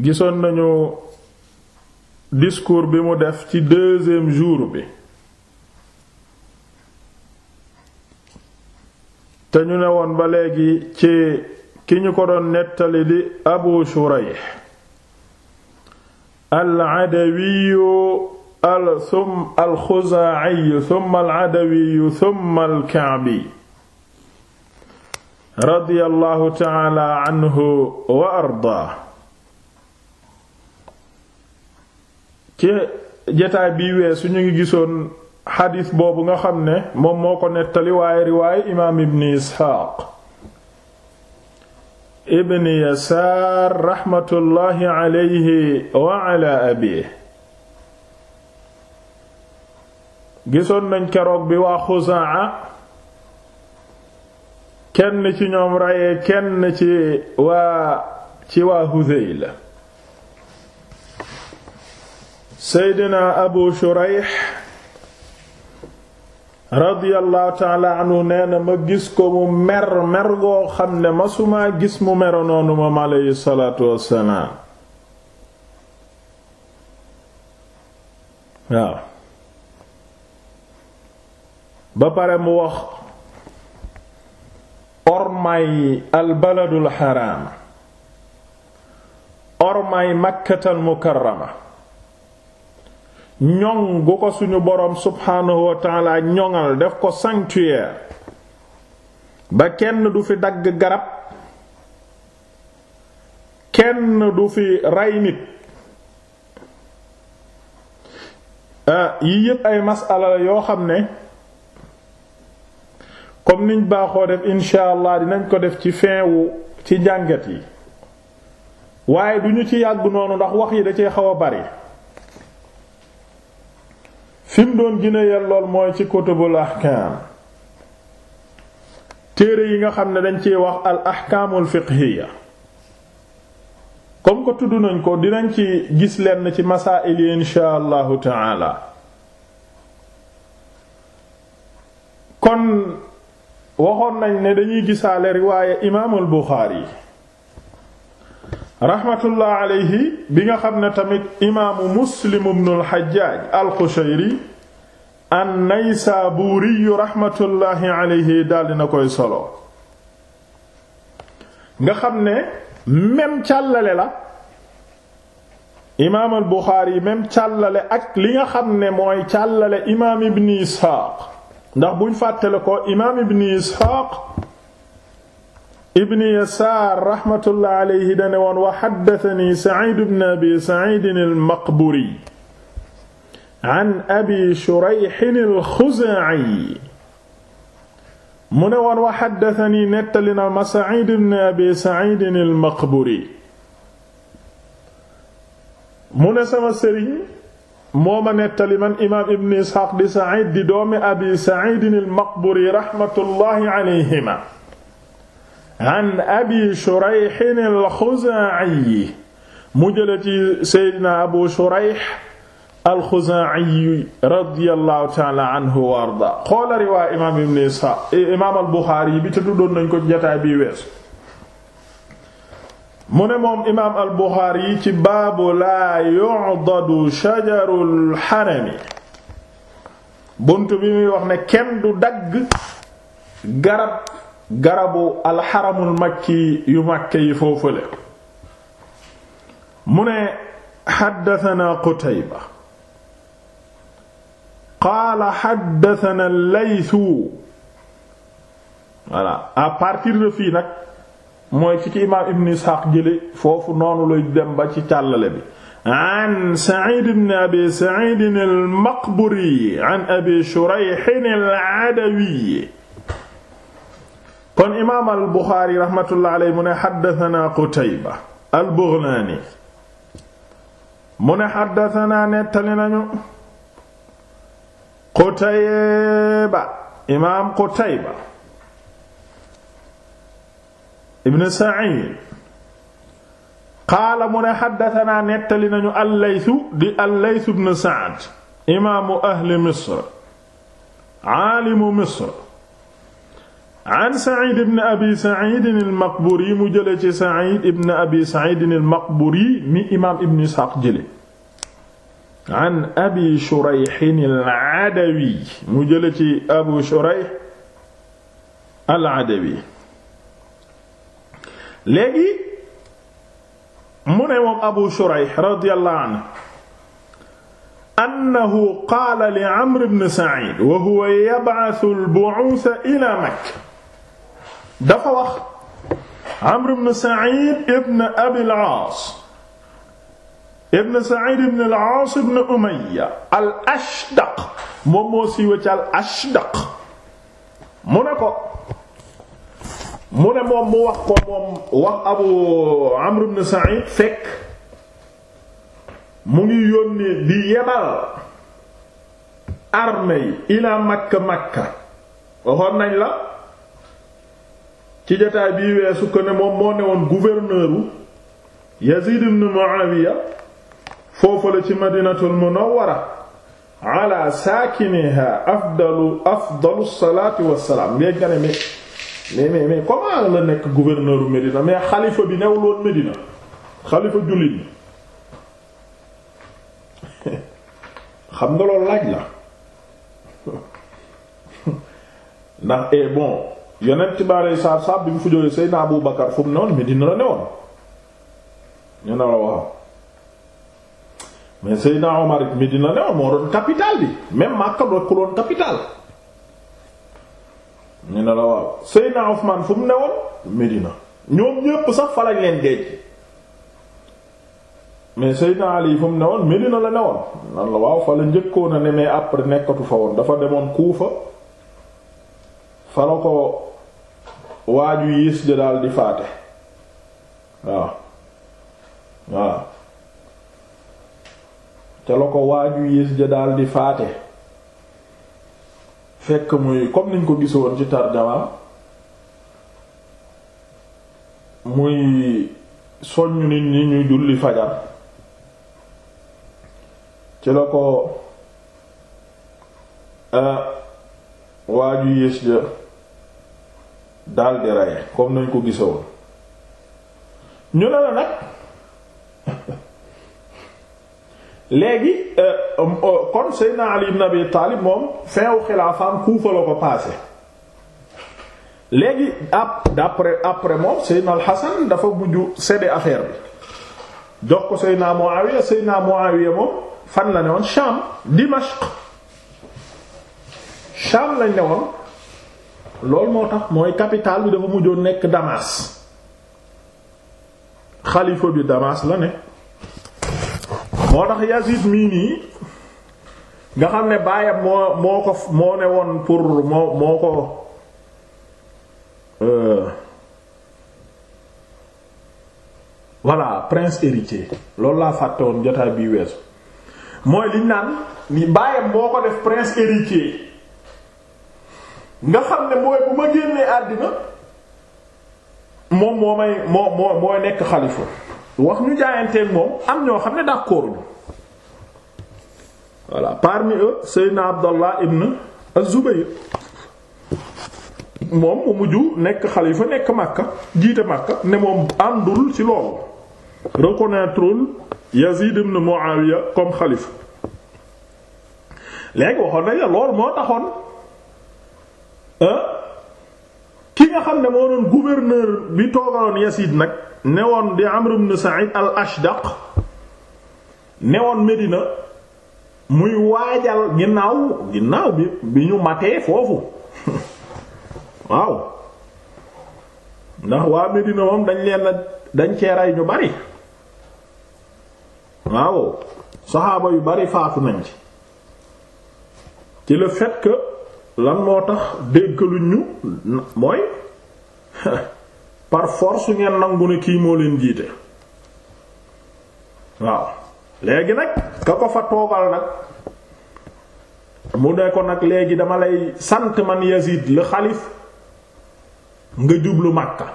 gisoon nañu discours bi mu def ci deuxième jour bi te ñu ne woon ba léegi ci ki ñu ko doon nettali li abu shurayh al-adawiyu al thum al-xuzaa'iyu thumma al-adawiyu thumma al-ka'bi radiyallahu ta'ala anhu wa ardaa ci jataay bii su ñu ngi gisoon xadiis boobu nga xam ne moom moo ko nettali waaye riwaaye imaam ibn isxaaq ibn yasaar raxmatullaahi wa ala gisoon nañ keroog bi waa xuzaa kenn ci ñoom rayee kenn ci waa ci seydina abu shuraih radiyallahu taala anhu nee na ma gis ko mu mer mer goo xam ne masumaa gis mu mero noonu moom aleyhi salaatu wassalaam ba pare mu wax ormay albaladul xaraam ormay makkatal mukarrama ñoŋ gu ko suñu boroom subhaanahu wa taala ñoŋal def ko sanctuaire ba kenn du fi dagg garab kenn du fi rey nit ah, yii yépp ay masala yoo xam ne comme niñ baaxoo def insha allah dinañ ko def ci fin wu ci njàngat yi waaye duñu ci yàgg noonu ndax wax yi da cee xaw a bari fim doon gën a lool mooy ci kutubul ahkaam téere yi nga xam ne dañ ciy wax al ahkaamul fiqhiyya comme ko tudd nañ ko dinañ ci gis lenn ci masaa'il yi insha allahu taala kon waxoon nañ ne dañuy gisaale riwaaya imaamul Buxaari rahmatullah bi nga xam ne tamit imaamu muslim ibn al-Hajjaj al-Qushayri an-Naysaburi rahmatullahi alayhi daldi na koy solo nga xam ne même càllale la imaam al-Bukhari càllale ak li nga xam ne mooy càllale imaam ibn Ishaq ndax buñ fàttale ko imaam ibn Ishaq ibn yasaar raxmatullah alayhi dane woon wa xaddatani saciid ibn abi saciidin almaqburi an abi shurayxin alxuzaaci mu ne woon wa xaddatani nettali na ma saciid ibn abi saciidin almaqburi mu ne sama sëriñ moo ma nettali man imaam ibn isxaaq di saciid di doomi abi saciidin almaqburi raxmatullahi alayhima an abi shurayh al-xuzaa'i mu jële ci seydina abu shurayh alxuzaa'i radiyallahu taala anhu wa arda xoola riwaay imaam ibn Isxaaq imaam al-Buxaari bi te tuddoon nañ ko jotaay bii weesu mu ne moom imaam al-Buxaari ci baabu laa yu'dadu shajarul xarami bunt bi muy wax ne kenn du dagg garab garabu alxaramul makki yu màkke yi foofale mu ne xaddatanaa qutayba qaala xaddatanaa laytu voilà à partir de fii nag mooy ci ki imaam ibn isxaaq jële foofu noonu lay dem ba ci càllale bi an Saciid ibn Abi Saciid al-Maqburi an Abi Shurayh al-Adawi kon imaam al buxaari raxmatullahi alayhi mu ne xaddatanaa qutayba al bughlaani mu ne xaddatanaa nettali nañu qutayba imaam qutayba ibn sa'id qaala mu ne xaddatanaa nettali nañu allaytu di allaytu ibn sa'd imaamu ahli misr aalimu misr an Saïd ibn Abi Saïd al-Maqburi mu jëlee ci Saïd ibn Abi Saïd al-Maqburi mi imaam Ibn Isxaaq jëlee. an Abi Shurayh al-Adawi mu jëlee ci Abu Shurayh al-Adawi. léegi mu ne moom Abu Shurayh radiyallahu anhu annahu qaala li Amr ibn Saïd wa huwa yab'athu al-bu'uutha ilaa Makka dafa wax Amr ibn Sa'id ibn Abi al-Aas ibn Sa'id ibn al-Aas ibn Umayya al-Ashdaq moom moo siiwee ci al-Ashdaq mu ne ko mu ne moom mu wax ko moom wax Abu Amr ibn Sa'id fekk mu ngi yónnee di yebal armée yi Makka Makka waxoon nañ la ci jotaay bii weesu ko ne moom moo newoon gouverneur u Yazid ibn Muawiya foofu la ci madinatul munawwara ala saakiniha afdalu afdalu salaatu wassalaam mais nga ne mais mais mais comment la nekk gouverneur u Médina xalifa bi newul woon Médina xalifa jullit xam nga loolu laaj la ndax et eh, bon yonent bi aleyhi salaatu bi mu fu jógee Seydina Abu Bakar fu mu ne woon Medina la ne woon ñu ne la waaw mais Seydina Omar it Medina la waaw fu mu ne woon Medina ñoom ñépp fa mu ne woon la ne woon nan la njëkkoon a ne mais après nekkatu fa woon dafa demoon Kuufa fa la ko. waaju yiis ja daal faate waaw waaw ca la ko waaju yiis ja daldi faate fekk muy comme niñ ko gisoon ci tarjama muy soññ nit ñi julli fajar ci la ko eh, waaju yiis ja daldi rey comme nañ ko gisoon ñu ne la nag léegi euh, euh, euh, kon Seydina Ali ibn Abi Taalib moom fin u xilaafaam Kuufa la ko paase léegi ap d'après après moom Seydina al dafa mujj séddee affaire bi jox ko Seydina Muawiya Seydina Muawiya moom fan la ne woon Sham Dimashq Sham lañ ne woon loolu moo tax mooy capital bi dafa mujjoon nekk Damas xalifa bi Damas la ne moo tax Yazid mii nii nga xam ne baayam moo moo ko moo ne woon pour moo moo ko euh, voilà prince héritier loolu laa fàtte woon jotaay bii weesu mooy liñ naan ni moo ko def prince héritier nga xam ne mooy bu ma génnee àddina moom moo may moo moo mooy nekk xalifa wax ñu jaayanteeg moom am ñoo xam ne d'accord ñu voilà parmi eux Seydina Abdallah ibn az moom mu mujj nekk xalifa nekk Makka jiite Makka ne moom àndul ci loolu reconnaîtrewul Yazid ibn Muawiya comme xalifa léegi waxoon nañ loolu moo taxoon ki nga xam ne moo doon gouverneur bi toogaloon Yasid nag newoon di Amr ibn Sa'id al-Ashdaq newoon Medina muy waajal ginnaaw ginnaaw bi ñu matee foofu waaw ndax waa Medina moom dañ leen dañ cee rey ñu bari waaw saxaaba yu bari faatu nañ ci ci le fait lan moo tax déggaluñ ñu mooy par force ngeen nangu ne kii moo leen jiite waaw léegi nag ka ko fa toogal nag mu ne ko nag léegi dama lay sant man Yazid le xalif nga jublu Makka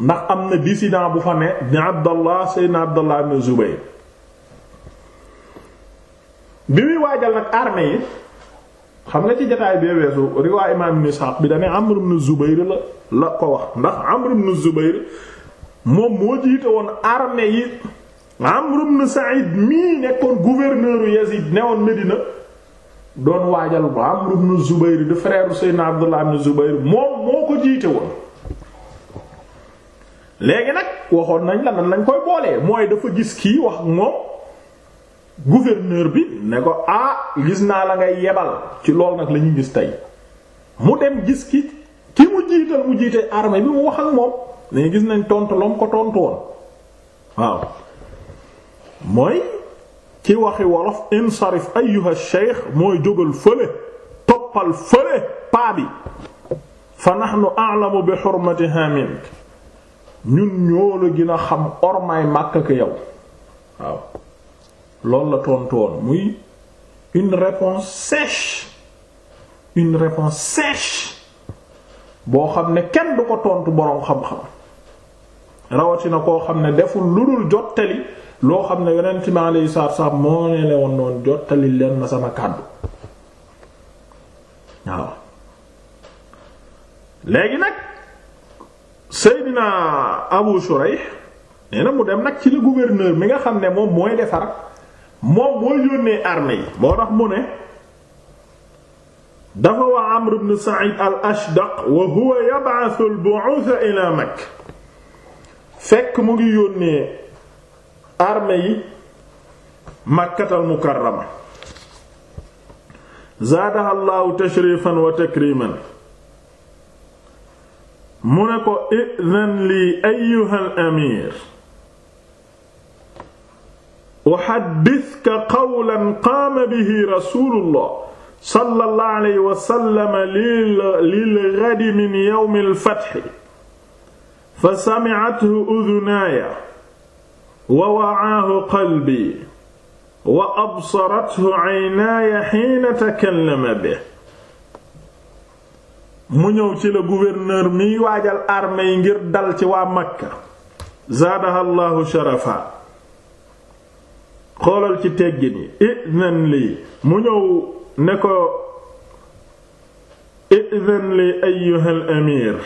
ndax am na dissident bu fa ne ni Abdallah Seydina Abdallah bi muy waajal nag armée yi xam nga ci jotaay bee weesu riwaa imaam ibn bi dane am ibn Zubayr la la ko wax ndax Amr ibn Zubayr moom moo jiite woon armée yi Amr ibn Sa'id mii nekkoon gouverneur Yazid newoon Medina doon waajal Amr ibn Zubayr di frère Seydina Abdullah ibn Zubayr moom moo ko jiite woon léegi nag waxoon nañ la nan koy boolee mooy dafa gis kii wax moom gouverneur bi ne ko ah gis naa la ngay yebal ci lool nag la ñu gis tey mu dem gis ki ki mu jiital mu jiite armée bi mu wax ak moom ne gis nañ tontu lom ko tontu woon waaw mooy ci waxi wolof insarif ayyuha shaykh mooy jógal fële toppal fële paa bi fa nahnu a'lamu bi hurmatiha mink ñun ñoo la gën a xam ormaay Makka ko yow waaw loolu la tontoon muy une réponse sèche une réponse sèche boo xam ne kenn du ko tontu boroom xam-xam rawatina koo xam ne deful lu dul jottali loo xam ne yonent mi alayhi salaatu salaam moo ne la woon noonu jottali leen ma sama kàddu waaw léegi nag Seydina Abu Shurayh nee na mu dem nag ci le gouverneur mi nga xam ne moom mooy defar moom moo yónnee armée yi moo tax mu ne dafa wax Amr ibn Sa'id al-Ashdaq wa huwa yab'athu al-bu'uth ila Makka fekk mu ngi yónnee armée yi Makkatal Mukarrama zaadaha Allahu tashrifan wa takriman mu ne ko idhan li ayyuha al uxaddiska qawlan qaama bihi rasulullah sallallahu alayhi wa sallam lil ghadi min yawm al fath fa sami'athu udhunaaya wa wa'aahu qalbi wa absarathu aynaaya hiina takallama bihi mu ñëw ci la gouverneur miy waajal armée yi ngir dal ci waa Makka zaadaha Allahu sharafa xoolal ci teggin yi izan lii mu ñëw ne ko izan lii ayyuhal amir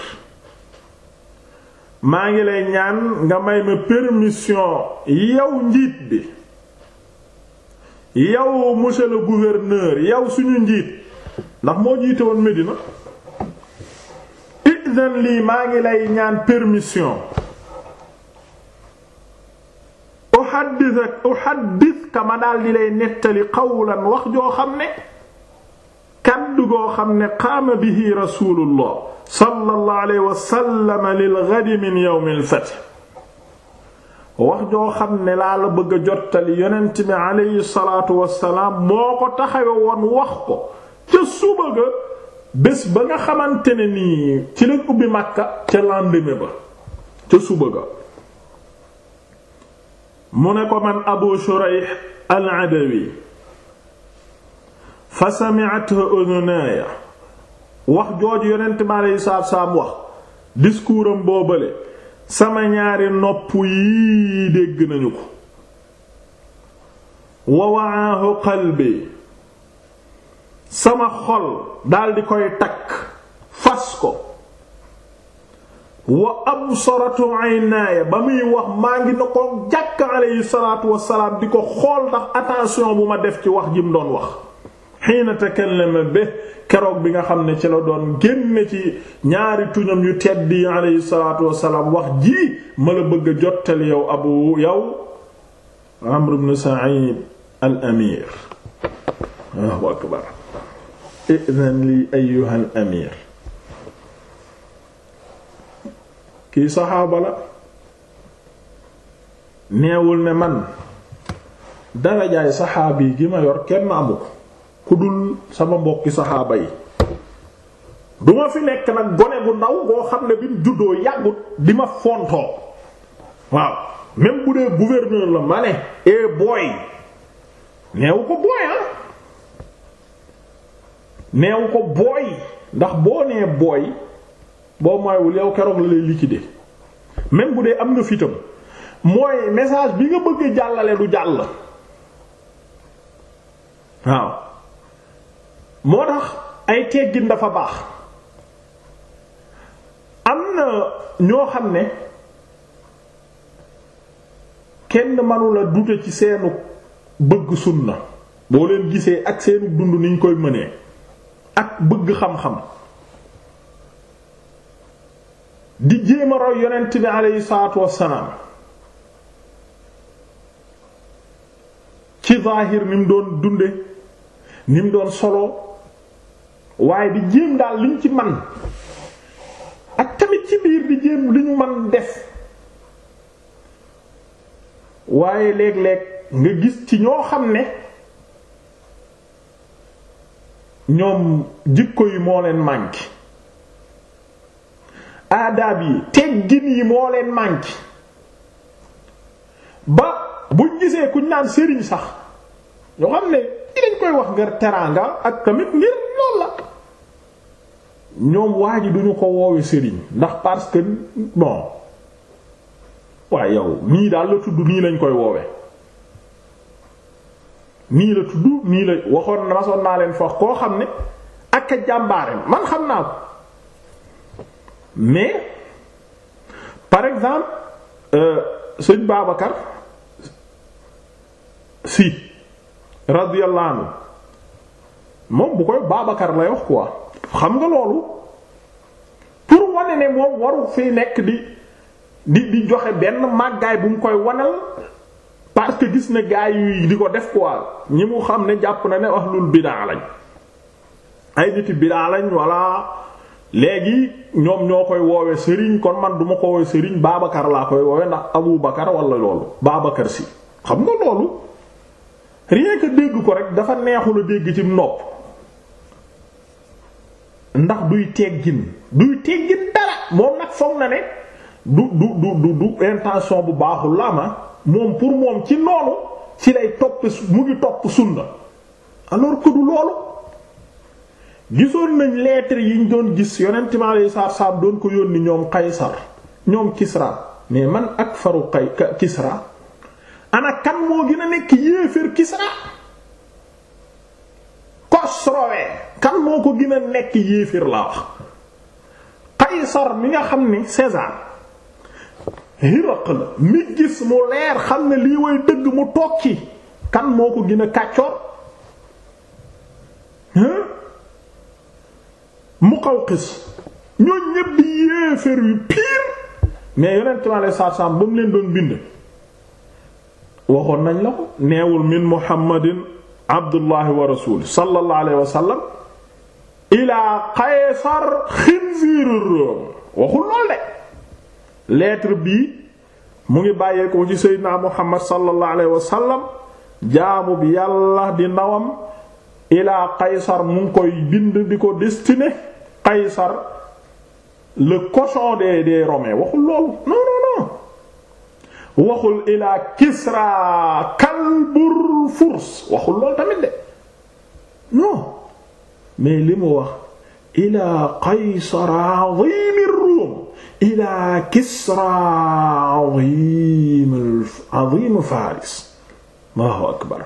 maa ngi lay ñaan nga may ma permission yow njiit bi yow monsieur le gouverneur yow suñu njiit ndax moo jiite woon Médina izan lii maa ngi lay ñaan permission uhaddithak uhaddithka ma daal di lay nettali qawlan wax joo xam ne kaddu goo xam ne qaama bihi rasulullah sallallahu alayhi wa sallam lil ghadi min yawmil fath wax joo xam ne laa la bëgg a jottali yonent bi alayhi salaatu wassalaam moo ko taxawe woon wax ko ca suba ga bés ba nga xamante ne nii ci lañ ubbi Makka ca lendemain ba ca suba ga mu ne ko man abu shurayh al-adawi fa sami'athu udhunaya wax jooju yonent bi aleyhi salaatu salaam wax discours boobale sama ñaari nopp yii dégg nañu ko wa wa'ahu qalbi sama xol daldi koy takk wa absaratu aynaaya ba muy wax maa ngi na ko jàkk alayhi salaatu wassalaam di ko xool ndax attention bu ma def ci wax ji mu doon wax xiina takallama bi keroog bi nga xam ne ci la doon génne ci ñaari tuñam yu tedd yi alayhi salaatu wax ji ma la bëgg a jottal yow abu yow amr ibn sa'id al amir waaw akbar idan li ayyuha al amir kii saxaaba la neewul ne man darajaay saxaabi gi ma yor kenn amu ku dul sama mbokki saxaaba yi du ma fi nekk nag gone bu ndaw boo xam ne bi mu juddoo yàggut di ma fontoo waaw même bu dee gouverneur la ma ne eh booy neewu ko booy ah. neewu ko booy ndax boo nee booy boo mooywul yow keroog la lay de même bu dee am nga fitam mooy message bi nga bëgg jàllale du jàll waaw moo tax ay teggin dafa baax am na ñoo xam ne kenn manula dute ci seenu bëgg sunna boo leen gisee ak seenu dund niñ koy mënee ak bëgg xam-xam di jéem a roy yonent bi aleyhi salaatu wassalaam ci zaahir ni doon dunde ni doon solo waaye di jéem daal liñ ci man ak tamit ci biir di jéem liñ man def waaye léeg-léeg nga gis ci ñoo xam ne ñoom jikko yi moo leen manqué aadaab yi teggin yi moo leen manqué ba buñ gisee kuñ naan sëriñ sax ñoo xam ne ci dañ koy wax ngir teraanga ak tamit ngir lool la ñoom waa ji duñu ko woowe sëriñ ndax parce que bon waaye yow nii daal la tudd nii lañ koy woowe nii la tudd nii la waxoon na masoon naa leen foox koo xam ne ak a jàmbaare man xam naa ko mais par exemple euh, sëñ Babacar si radiyallahu anhu moom bu koy Babacar lay wax quoi xam nga loolu pour wane ne moom waru fi nekk di di di joxe benn màggaay bu mu koy wanal parce que gis na gaay yi di ko def quoi ñi mu xam ne jàpp na ne ahlul bidaa lañ ay niti bidaa walla léegi ñoom ñoo koy woowe sëriñ kon man duma ko woowe sëriñ Babacar laa koy woowe ndax Abu Bakar wala loolu Babacar si xam nga loolu rien que dégg ko rek dafa neexul a dégg ci nopp ndax duy teggin duy teggin dara moom nag foog na ne du du du du intention bu baaxul la ma moom pour moom ci noonu ci lay topp mu ngi topp sunna alors que loolu gisoon nañ lettre yi ñu doon gis yonent mi yi salaatu salaam doon ko yónni ñoom Qaysar ñoom Kisra mais man ak faru Qay Kisra ana kan moo gën a nekk yéeféer Kisra Cosroe kan moo ko gin a nekk yéeféer laa wax Qaysar mi nga xam ni César Hiraql la mi gis mu leer xam ne lii way dëgg mu toog ci kan moo ko gën a kàccoor Muqawqis ñoo ñëpp di yéeféer yu pire mais yonent mi alayhi ba mu leen doon bind waxoon nañ la ko neewul min Muhammadin abdullahi wa rasul sallallahu alayhi wa sallam ilaa Qaysar xinziiru Room waxul lool de lettre bii mu ngi bàyyeekoo ci Seydina Muhammad sallallahu alayhi wa sallam jaamu bi yàlla di ndawam ilaa Qaysar mu ngi koy bind di ko destiné Qaysar le cochon des des Romains waxul loolu non non non waxul ilaa Kisra kalbur furs waxul loolu tamit de non mais li mu wax ilaa Qaysar azimir Rum ilaa Kisra azim azim Faris Allahu akbar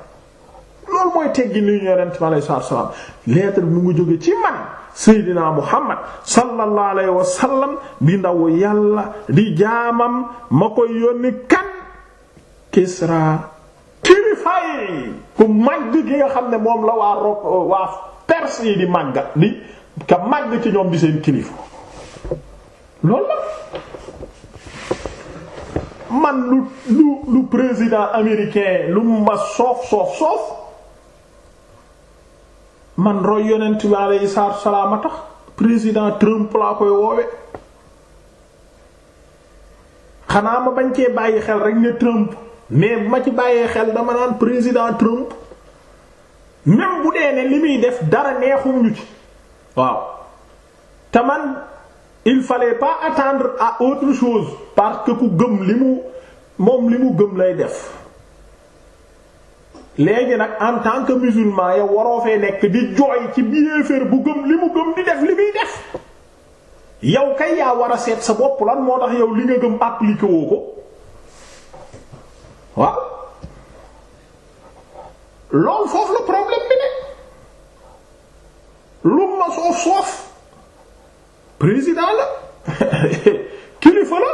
loolu mooy teggi li ñu yonent bi alayhi salaatu wa salaam lettre mu ngi jóge ci man seydina muhammad sallallahu alayhi wa sallam di ndaw yàlla di jaamam ma koy yónni kan kisra kilifaay ku màgg gi nga xam ne moom la waa rok waa perse yi di màgga di ka màgg ci ñoom di seen kilifa loolu la man lu lu lu président américain lu ma soof soof soof man roy yonent bi aleyhi salaam a tax président Trump laa koy woowe xanaa ma bañ cee bàyyi xel rek ne Trump mais bu ma ci bàyyee xel dama naan président Trump même bu dee ne li muy def dara neexum ñu ci waaw te man il fallait pas attendre à autre chose parce que ku gëm li mu moom li mu gëm lay def léegi nag en tant que musulman yow waroo fee nekk di jooy ci biéeféer bu gëm li mu gëm di def li muy def yow kay yaa war a seet sa bopp lan moo tax yow li nga gëm appliqué woo ko waaw loolu foofu la problème bi ne lu ma soof soof président kilifa la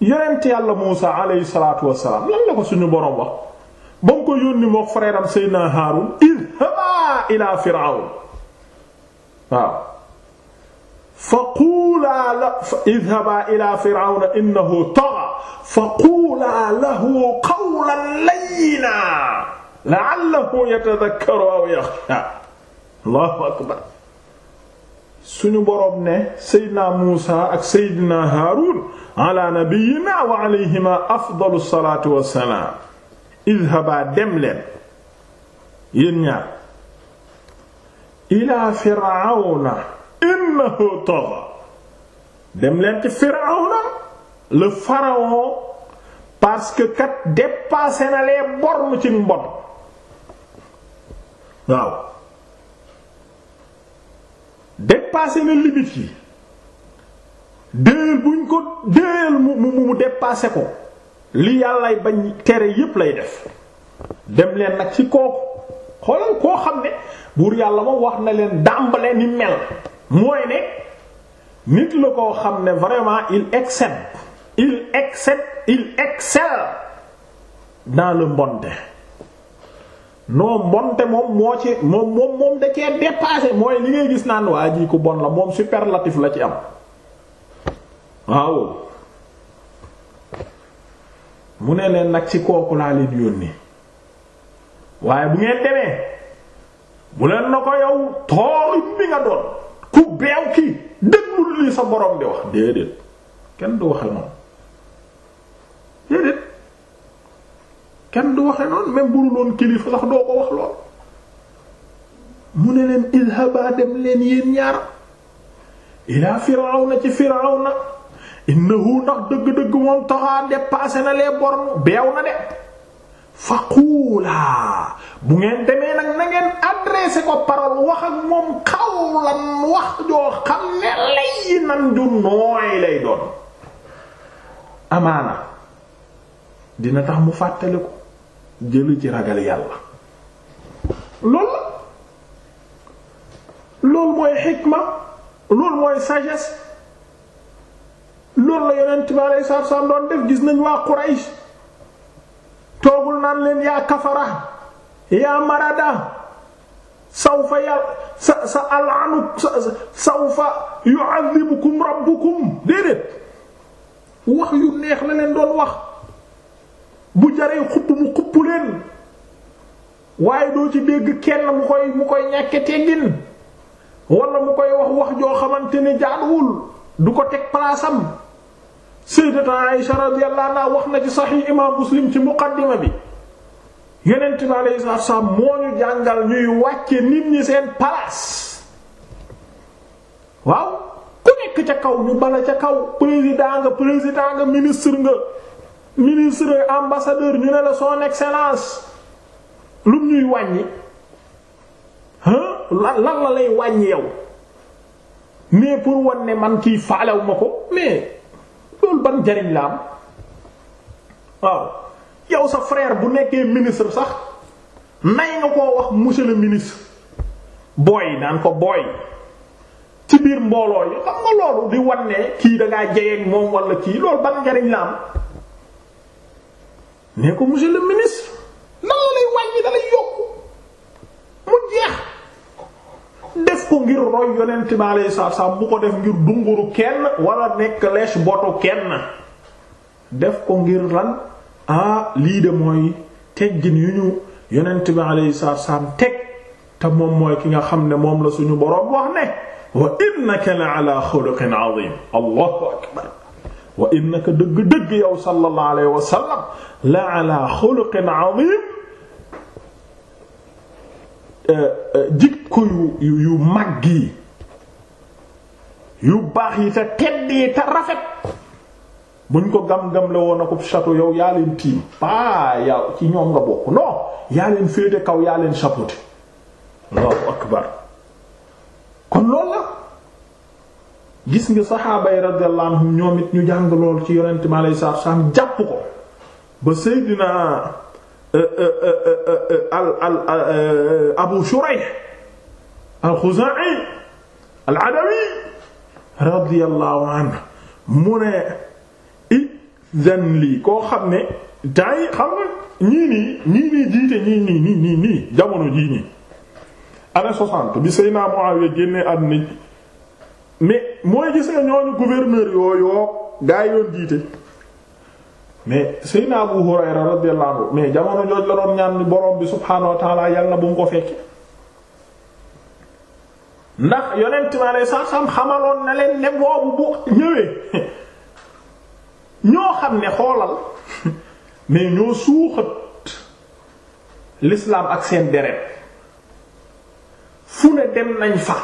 yonent yàlla Muusa alayhi salaatu wassalaam lan la ko suñu boroom wax ba mu ko yónni moo frère am Seydina Haarun idhaba ila Fir'awn waaw fa quulaa la idhaba ila Fir'awna innahu tagha fa quulaa lahu qawlan layyinan la'allahu yatadhakkaru aw yakhsha Allahu akbar suñu boroom ne seydina muusa ak seydina haaruun ala nabiyyina wa alayhima afdalu salaatu wassalaam idhabaa dem leen ñaar ilaa firawna innahu tagha dem ci firawna le pharaon parce que na les bornes ci mbon waaw dépassé na limites yi déel buñ ko déel mu mu mu ko li yàllay bañ tere yépp lay def dem leen nag ci kooku xoolal koo xam ne buur yàlla moom wax na leen dàmbale ni mel mooy ne nit la koo xam ne vraiment il excelle il excelle il excelle dans le mbonte non mbonte moom moo ci moom moom moom da cee dépassé mooy li ngay gis naan waa ji ku bon la moom superlatif la ci am waaw mu ne leen nag ci kooku laa leen yónni waaye bu ngeen demee mu leen na ko yow toolim bi nga doon ku beew kii déglul li sa borom di wax déedéet kenn du waxe noonu déedéet kenn du waxe noonu même bu dul woon kilifa sax doo ko wax lool mu ne leen idhaba dem leen yéen ñaar ila firawna ci firawna innahu ndax dëgg-dëgg moom taxaa dépassé na les bornes beew na de faquulaa bu ngeen demee nag na ngeen ko parole wax ak moom xawlan wax joo xam ne lay nan ju nooy lay doon amaana dina tax mu fàttali jël ci ragal yàlla loolu la loolu mooy xikma loolu mooy sagesse loolu la yonent bi alayhi salaatu salaam def gis nañ waa Quraysh toogul naan leen yaa kafara yaa marada sawfa ya sa sa alanu sawfa yu'adhibukum rabbukum déedéet wax yu neex la leen doon wax bu jaree xupp mu xupp leen waaye doo ci dégg kenn mu koy mu koy ñàkke teggin wala mu koy wax wax joo xamante ne jaaduwul du ko teg palaasam sayyidatuna Aisha radiyallahu anha wax na ci sahih imam Muslim ci muqaddima bi yonent bi alayhi salaatu wassalaam moo ñu jàngal ñuy wàcce nit ñi seen place waaw ku nekk ca kaw ñu bala ca kaw président nga président nga ministre nga ministre ambassadeur ñu ne la son excellence lu ñuy wàññi lan la lay wàññi yow mais pour wan ne man kii faalew ko mais loolu ban njariñ la waaw yow sa frair bu nekkee ministre sax nay nga koo wax monsieur le ministre booy naan ko booy ci biir mbooloo yi xam nga loolu di wan kii da ngaa moom wala kii loolu ban njariñ la am ko monsieur le ministre nan lay wàññi da lay yokk. def ko ngir roy yonent bi alayhi salaam bu ko def ngir dunguru kenn wala nekk lees botu kenn def ko ngir lan ah lii de mooy teggin yu ñu yonent bi alayhi salaam teg te moom mooy ki nga xam ne moom la suñu boroom wax ne wa innaka la ala xuluqin azim akbar wa innaka dëgg-dëgg yow sallallahu alayhi wa la ala xuluqin azim eh, eh, jikko yu yu mag yi yu baax yi te tedd yi te rafet buñ ko gam-gam la woon akub château yow yaa leen tiim paa yow ci ñoom nga bokk non yaa leen féete kaw yaa leen chapeauté allahu akbar kon loolu la gis nga saxaaba yi radiyallahu anhum ñoom it ñu jàng lool ci yonent mi alayhi salaatu salaam jàpp ko ba Seydina euh, euh, euh, al al Abu Shurayh al-Xuzaa'i al-Adawi mu ne idan lii koo xam ne temps yi xam nga ñii nii ñii nii jiite ñii nii nii nii nii jamono jii nii année soixante bi Seydina Muawiya génnee àdduna mais mooy gis nga ñooñu gouverneur yooyoo gaa yoon jiite mais Seydina Abu Hurayra radiyallahu anhu jamono jooj la doon ñaan borom bi subhaanahu wa ta'aala yàlla bu mu ko fekke ndax yonent ma lay sax sam xamaloon na leen ne boobu bu ñëwee ñoo xam ne xoolal mais ñoo suuxat lislaam ak seen deret fu ne dem nañ fa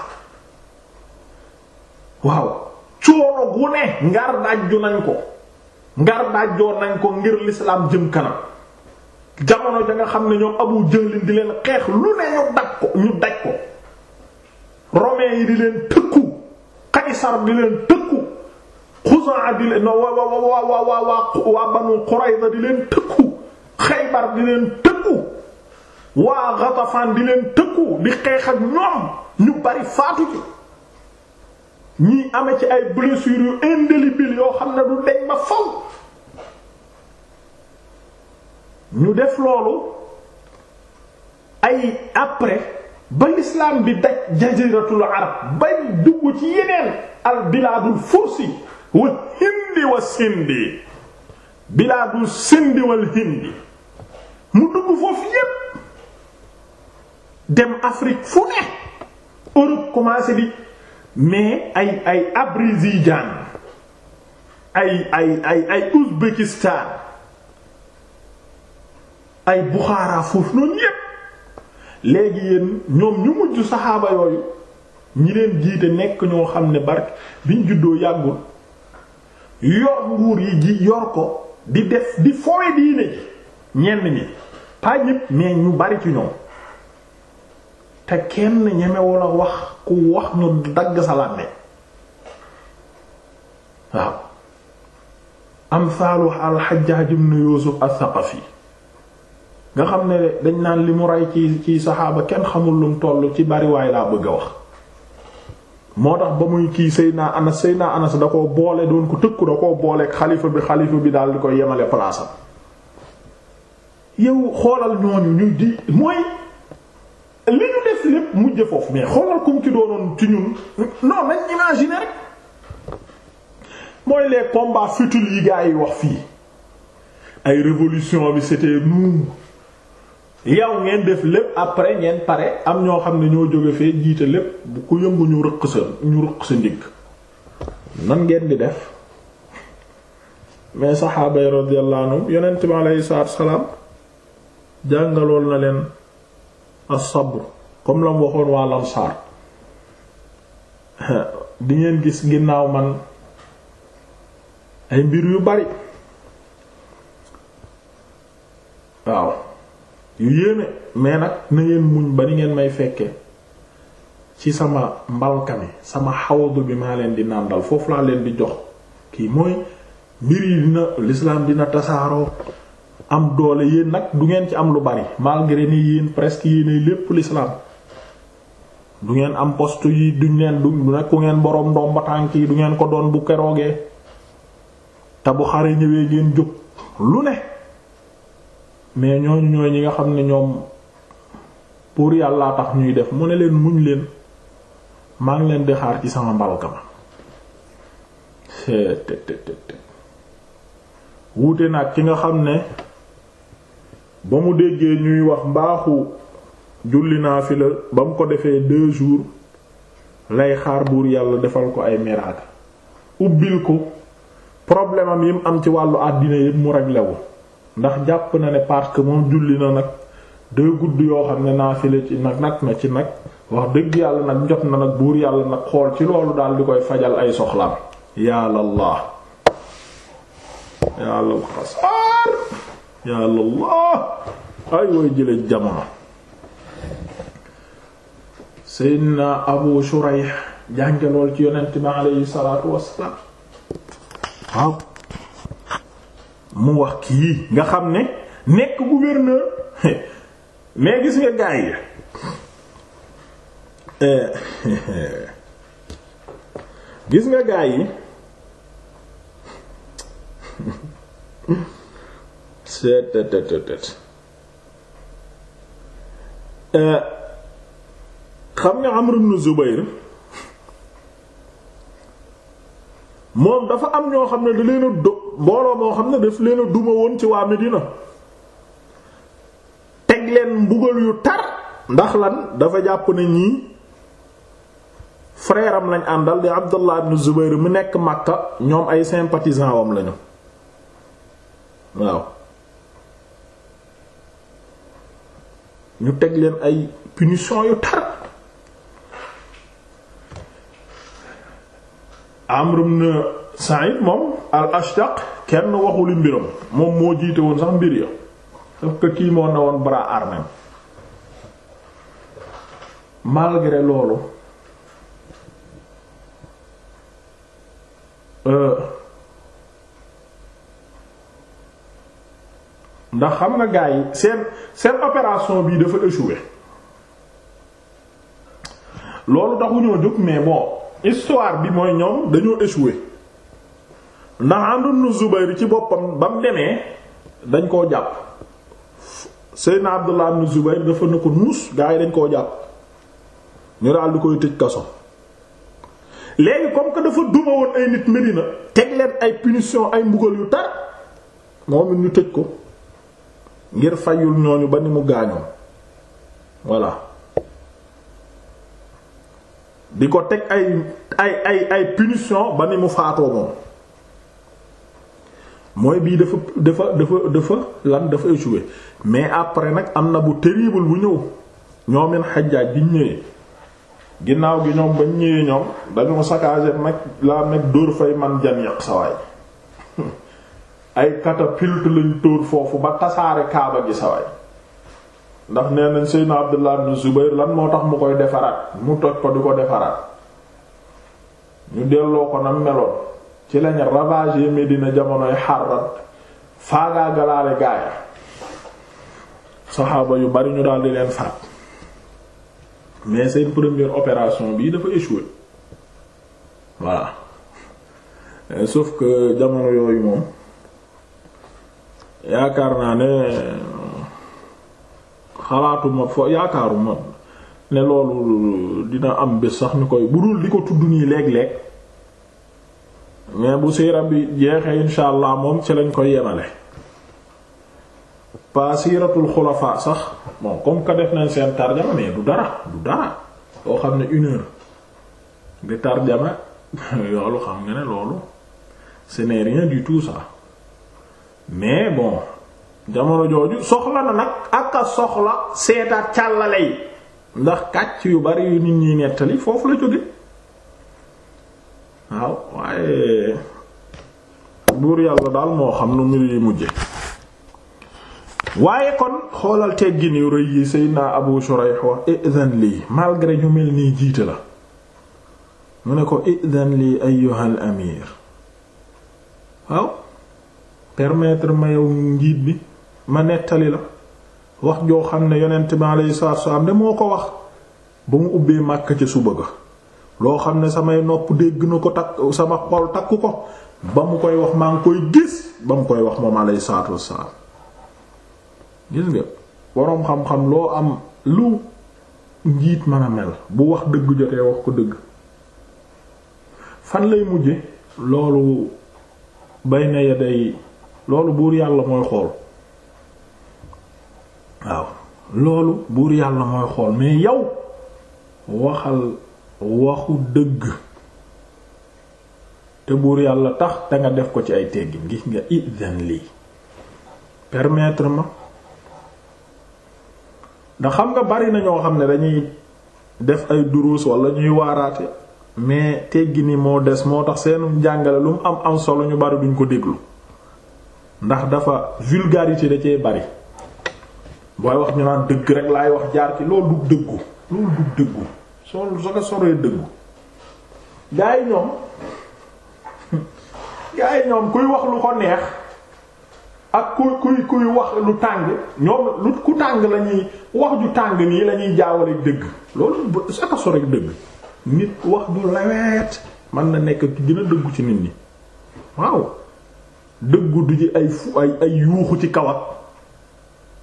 waaw coono gu ne ngar ju nañ ko ngar dajjoo nañ ko ngir l'islam jëm kanam jamono ja nga xam ne ñoom abu jëlin di leen xeex lu ne ñu daj ko ñu daj ko romains yi di leen tëkku Kaysar di leen tëkku Xusaa di leen waa waa waa waa Banu Qurayza di leen tëkku Xaybar di leen tëkku waa Ghatafan di leen tëkku di xeex ak ñoom ñu bari faatu ci ñii ame ci ay blessures yu indélébiles yoo xam ne du deñ ba faw ñu def loolu ay après ba lislaam bi daj jaziratul arab bay dugg ci yeneen al bilaadul fursi wal hindi wa sindi bilaadul sindi wal hindi mu dugg foofu yépp dem Afrique fu ne Europe commencé di mais ay ay Abrizjan ay ay ay ay Ouzbékistan foofu noonu yépp léegi yéen ñoom ñu mujj saxaaba ñi leen jiite nekk ñoo xam ne barke biñ juddoo yàggul yor nguur yi ji yor ko di def di fowe diine ji ñenn ñi pas ñëpp mais ñu bari ci ñoom te kenn ñemewu la wax ku wax ñu dagg sa lànne waaw amsaalu al Hajjaaj ibn Yuusuf as-Saqafi nga xam ne dañ naan li mu ray ci ci saxaaba kenn xamul lum toll ci bariwaay laa bëgg a wax moo tax ba muy kii sëy Seydina Anas Seydina Anas da koo boole doon ko tëkku da koo booleeg xalifa bi xalifa bi daal di koy yemale palaasam yow xoolal ñooñu ñu di mooy li ñu def lépp mujj foofu mais xoolal kum ci doonoon ci ñun non nañ imaginer rek mooy les combats futiles yi gars yi wax fii ay révolution bi c'était nous yow ngeen def lépp après ngeen pare am ñoo xam ne ñoo jóge fee jiite lépp bu ku yëngu ñu rëq sa ñu rëq sa ndigg nan ngeen di def mais saxaaba yi radiyallahu anhum yonent bi alayhi salaam jàngalool na leen as-sabr comme la mu waxoon waa Ansaar di ngeen gis ginnaaw man ay mbir yu bari waaw yu yéeme mais nag na ngeen muñ ba ni ngeen may fekke ci sama mbalkami sama xawdu bi maa leen di nàndal foofu laa leen di jox kii mooy mbir yi dina l'islam dina tasaaroo am doole yéen nag du ngeen ci am lu bari malgré ni yéen presque yéenay lépp l'islam du ngeen am poste yi duñ leen du nekku ngeen boroom ndomba tànk yi du ngeen ko doon bu keroogee te bu xare ñëwee ngeen jóg lu ne mais ñooñu ñooy ñi nga xam ne ñoom pour yàllaa tax ñuy def mu ne leen muñ leen maa ngi leen di xaar ci sama mbalka ma wuute nag ki nga xam ne ba mu déggee ñuy wax mbaaxu julli naa fi la ba mu ko defee deux jours lay xaar buur yàlla defal ko ay miracle ubbil ko problème am yi mu am ci wàllu àddina yépp mu réglé wu ndax jàpp na ne parce que moom julli na nag deux gudd yoo xam ne naafile ci nag nag na ci nag wax dëgg yàlla nag jot na nag buur yàlla nag xool ci loolu daal di koy fajal ay soxlaam yàlla laa yàlla xasaar ay way jële jamono seydina abu shurayh jànge lool ci yonent bi aleyhi wassalaam mu wax kii nga xam ne nekk gouverneur mais gis nga gaa yi gis nga gaay yi seet euh, xam nga Amr ibn Zubayr moom dafa am ñoo xam ne da leen a do mbooloo moo xam ne daf leen a duma woon ci waa Medina teg leen mbugal yu tar ndax lan dafa jàpp ne ñii frère am lañ àndal di Abdallah ibn Zubayr mu nekk Makka ñoom ay sympathisant wam lañu waaw ñu teg leen ay punition yu tar Amr ibn Sa'id moom al Ashtaq kenn waxu li mbiram moom moo jiite woon sax mbir ya sauf kii moo ne woon bras armé malgré loolu euh, ndax xam nga gars yi seen seen opération bii dafa échoué loolu taxu ñoo jóg mais bon histoire bi mooy ñoom dañoo échoué ndax àndoon na Zubayr ci boppam bam mu demee dañ koo jàpp Seydina Abdullah ibn Zubayr dafa na ko nuus gaa yi dañ koo jàpp ñu daal di koy tëj kaso léegi comme que dafa duma woon ay nit Medina teg leen ay punition ay mbugal yu tar moom it ñu tëj ko ngir fayul ñooñu ba ni mu gaañoo voilà di ko teg ay ay ay ay punition ba ni mu faatoo moom mooy bii dafa dafa dafa dafa lan dafa échoué mais après nag am na bu terrible bu ñëw ñoomin xajjaaj bi ñëwee ginnaaw gi ñoom bañ ñëwee ñoom dañoo saccagé nag laa nekk dóor fay man jan yàq sawaay ay catapulte lañ tóor foofu ba tasaare kaaba gi sawaay ndax nee nañ Seydina Abdullah ibn Zubayr lan moo tax mu koy defaraat mu toj ko du ko defaraat ñu delloo ko nam meloon ci lañ ravager Médina jamonoy xarrat faagaa galaale gaaya saxaaba yu bari ñu daal di leen faat mais seen première opération bii dafa échoué voilà sauf que jamono yooyu moom yaakaar naa ne xalaatuma foo fo yaakaaru ma ne loolu dina am bés sax ñu koy bu dul di ko tudd nii léeg-léeg mais bu siira bi jeexee insha allah moom ci lañ koy yemale pas siiratul xulafaa sax bon comme que def nañ seen tarjama mais du dara du dara loo xam ne une heure de tarjama yoolu xam nga ne loolu ce n'est du tout ça mais bon jamono jooju soxla na nag ak a soxla seetaat càllale yi ndax kàcc yu bari yu nit ñi nettali foofu la jóge waaw waaye buur yàlla daal moo xam nu ñu yi mujje waaye kon xoolal teggin yu rëy yi Seydina Abu Shurayh wax izan lii malgré ñu mel nii jiite la mu ne ko izan lii ayyuhal amir waaw permettre ma yow njiit bi ma nettali la wax joo xam ne yonent bi alayhi salaatu wassalaam de moo ko wax ba mu ubbee màkk ca suba ga loo xam ne samay nopp dégg na ko takk sama xool takk ko ba mu koy wax maa ngi koy gis ba mu koy wax moom alayhi salaatu wassalaam gis nga woroom xam-xam loo am lu njiit mën a mel bu wax dëgg jotee wax ko dëgg fan lay mujje loolu bay na ya day loolu buur yàlla mooy xool waaw loolu buur yàlla mooy xool mais yow waxal waxu dëgg te buur yàlla tax danga def ko ci ay teggin gis nga idan lii permettre ma ndax xam nga bari na ñoo xam ne dañuy def ay duruus wala ñuy waaraate mais teggi ni moo des moo tax seenum jàngale lu mu am am solo ñu bari duñ ko déglu ndax dafa vulgarité da cee bari booy wax ñu naan dëgg rek laay wax jaar ci loolu dugg dëggu loolu du dëggu soo soo ko soree dëggu gaa yi ñoom gaa yi ñoom kuy wax lu ko neex ak kuy kuy kuy wax lu tàng ñoom lu ku tàng lañuy wax ju tàng nii lañuy jaawale dëgg loolu soo ko soree dëgg nit wax du lawet man na nekk gën a dëggu ci nit ñi waaw dëggu du ay fu ay yuuxu ci kawat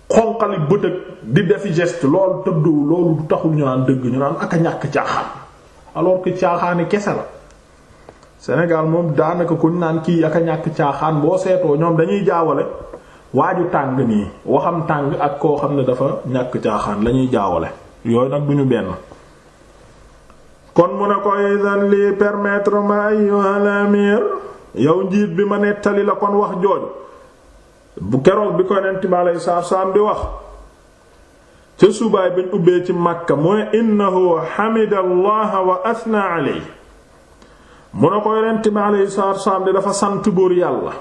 xonqali bët ak di defi geste loolu tëdd loolu taxul ñu naan dëgg ñu naan ak a ñàkk caaxaan alors que caaxaani kese la Sénégal moom daanaka ku ñu naan kii ak ñàkk caaxaan boo seetoo ñoom dañuy jaawale waa waaju tàng nii waxam tàng ak koo xam ne dafa ñàkk caaxaan lañuy jaawale yooyu nag duñu benn kon mu ne ko idan lii permettre ma yow njiit bi ma nettali la kon wax jooju bu keroog bi ko yonent bi alayhi salaam di wax ca subaay bañ ubbee ci Makka mu ne innahu hamida wa athna alayhi ne ko yonent bi alayhi salaam di dafa sant buur yàlla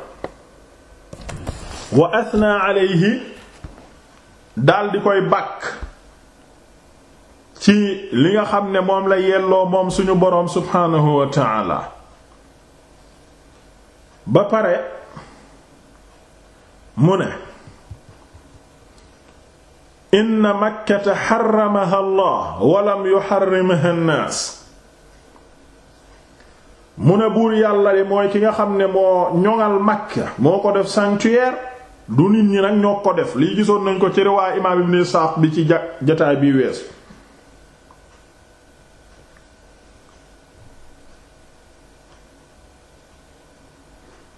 wa athna alayhi daldi koy bàkk ci li nga xam ne moom la yelloo moom suñu boroom subhaanahu wa ba pare mu ne inna makkata xaramaha allah walam yuxarrimha nnaas mu ne buur yàlla de mooy ki nga xam ne moo ñoŋal makka moo ko def sanctuaire du nit ñi nag ñoo ko def lii gisoon nañ ko ci riwaay imaam ibn Isaaq bi ci jataay bi weesu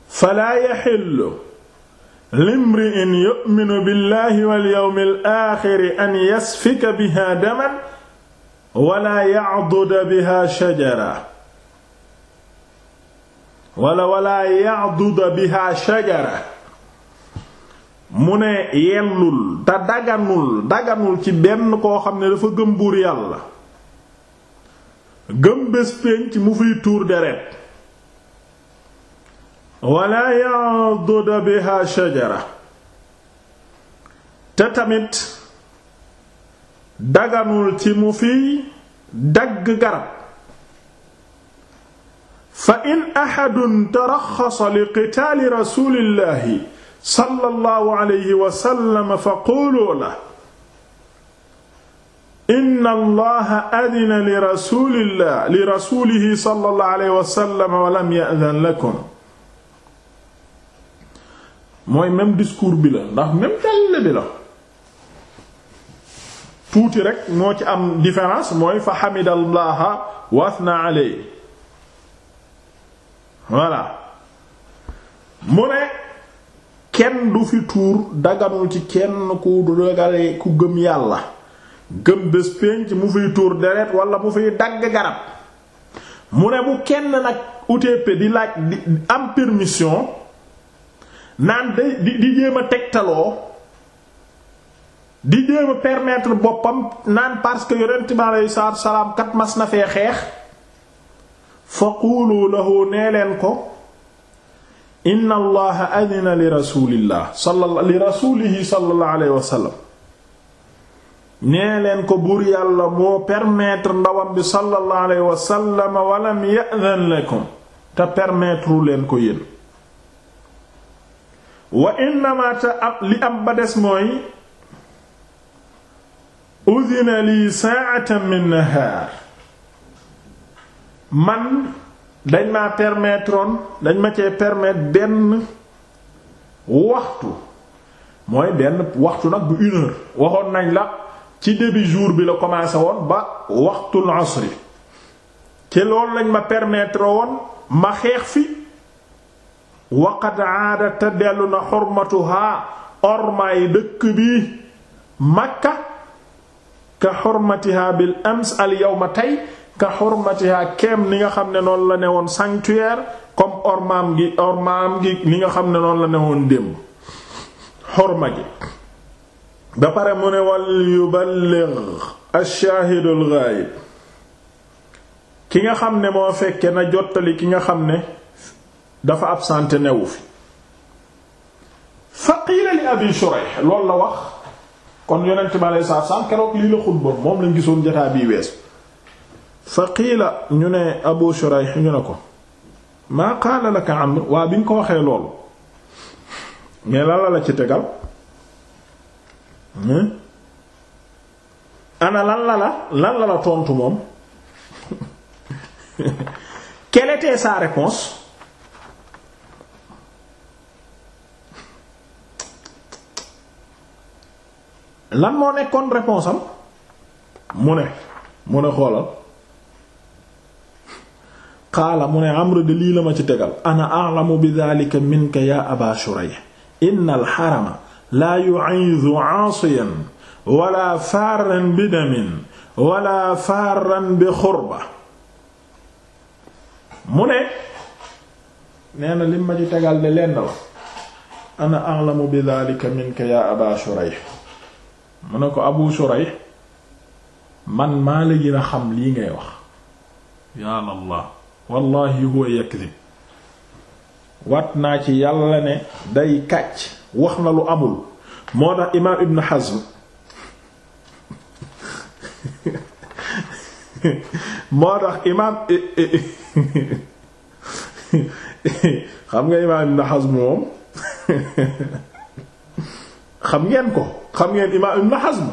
falaa yaxillu limri'in yu'minu billahi wal yawmil aaxiri an yasfika biha daman wala ya'duda biha shajara wala wala ya'duda biha shajara mu ne yellul te daganul daganul ci benn koo xam ne dafa gëm buur yàlla gëm bés pénc mu fiy tuur deret wala ya'dud biha shajara te tamit daganul ci mu fi dagg garab fa in ahadun taraxasa li qitaali rasulillahi sallallahu alayhi wa sallam faqulu lahu inna allaha adina li rasulillah li rasulihi sallallahu alayhi wa sallam wa lam ya'dhan lakum mooy même discours bi la ndax même telle bi la tuuti rek moo ci am différence mooy fa xamidallaha wasna alay voilà mu ne kenn du fi tuur daganul ci kenn ku dagale ku gëm yàlla gëm bés pénc mu fiy tuur deret wala mu fiy dagg garab mu ne bu kenn nag utep di laaj am permission naan day di di jéem a tegtaloo di jéem a boppam naan parce que yonent bi aleyhi salaam kat mas na fee xeex faqulu lahu nee leen ko inna allaha adina li rasulillah sala li rasulihi sallallahu wa sallam nee leen ko buur yàlla moo permettre ndawam bi sallallahu alayhi wa sallam walam ya'dan lakum te permettre leen ko yéen wa innama ta am li am ba des mooy udina lii sa'atan min nahar man dañ ma permettroon dañ ma cee permettre benn waxtu mooy benn waxtu nag bu une waxoon nañ la ci début jour bi la commencé woon ba waxtul asri ci loolu lañ ma permettre woon ma xeex fi waqat aada te dellu na xormatuhaa ormaay dëkk bi makka ka xormatihaa bil ams al yawma tey ka xormatihaa keem ni nga xam ne noonu la ne woon sanctuaire comme ormaam gi ormaam gi ni nga xam ne noonu la ne woon démb xorma gi ba mu ne wal yuballigh ash-shahidul ghaib ki nga xam ne moo fekke na jottali ki nga xam ne dafa absenté newu fi fa li abi shuraih loolu la wax kon yonent bi aleyhi salaatu salaam keroog lii la xutba moom lañ gisoon jotaay bii wees fa qiila ñu ne abu shuraih ñu ne ko maa qaala laka amr waa bi nga ko waxee loolu mais lala la ci tegal hmm? ana lan la la la la tontu moom quelle était sa réponse lan moo nekkoon réponse am mu ne mu ne xoolal qaala mu ne Amr de lii la ma ci tegal ana a'lamu bi dhalika minka ya aba shurayh inna bi damin wala farran bi xurba mu ne nee na li ma ci tegal de lenn la ana a'lamu bi dhalika minka ya aba shurayh mu ne ko Abu Shurayh man maa la gën a xam lii ngay wax yaa Allah wallahi huwa yakdhib wat naa ci yàlla ne day kàcc wax na lu amul moo tax imaam Ibn moo xam nga imaam Ibn Hazm moom xam ngeen ko xam ngeen imaam Ibn Hazm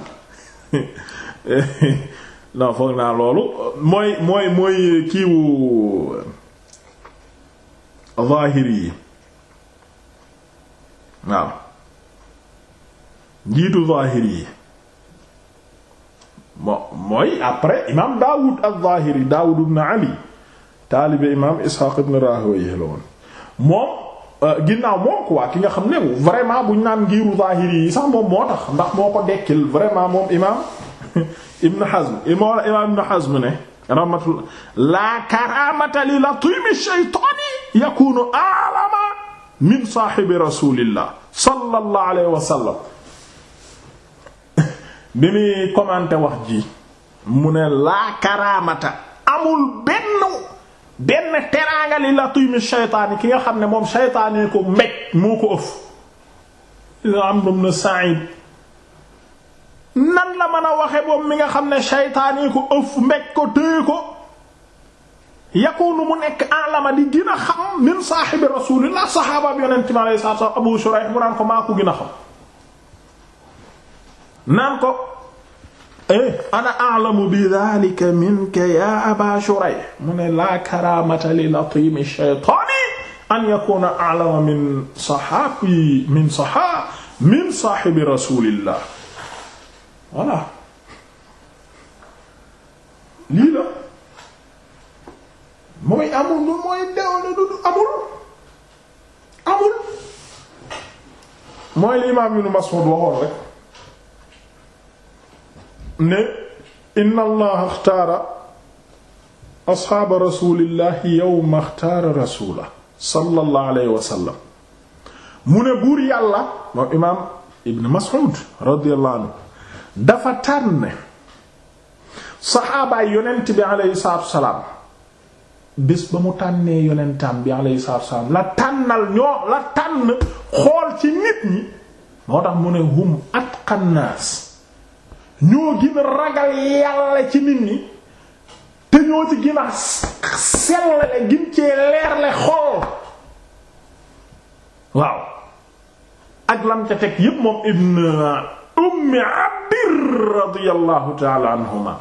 non foog naa loolu mooy mooy kiiwu zahiri yi waaw njiitu mooy après imaam Daawud az-Zahiri Daawud ibn Ali taalibe imaam Isxaaq ibn Raahawayh la Euh, ginnaaw moom quoi ki nga xam ne vraiment buñ naan ngiru zahiri yi sax moom moo ndax moo ko dekkil vraiment moom imaam Ibn Hazm imaam Ibn Hazm ne rahmatullah la karamata li latimi shaytani yakunu alama min sahibi rasulillah sallallahu alayhi wa bi muy commenté wax ji mu ne la karamata amul benn benn teraanga li latimi shaytaani ki nga xam ne moom shaytaani ko mbéj moo ko ëf Amr ibn Sa'id nan la mën a waxe boobu mi nga xam ne shaytaani ko ëf mekk ko téye ko yakunu mu nekk alama di gën a xam min saaxibi rasulillah saxaaba bi yonent mi alayhi salaatu wa salaam Abu Shurayh mu naan ko maa ko xam naan ko Eh? ana a'lamu bi dhalika minka ya aba shurayh mu ne la karamata li latim ash-shaytani an yakuna a'lama min sahabi min saha min sahibi rasulillah voilà lii la mooy amul lu mooy dewle du amul amul mooy li imaam Ibn Mas'ud waxoon rek ne inna allaha xtaara asxaaba rasulillahi yawma xtaara rasula sallallahu alayhi wa sallam mu ne buur yàlla moom imaam ibn mas'ud radiyallahu anhu dafa tànn saxaabaay yonent bi alayhi salaam bés ba mu tànnee yonentam bi alayhi salaam la tànnal ñoo la tànn xool ci nit ñi moo tax mu ne hum atqan naas ñoo gën a ragal yàlla ci nit ñi te ñoo ci gën sellale gin cee leerle xol waaw ak lam ca teg yépp moom ibn ummi abdir radiyallahu taala anhuma